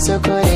so good.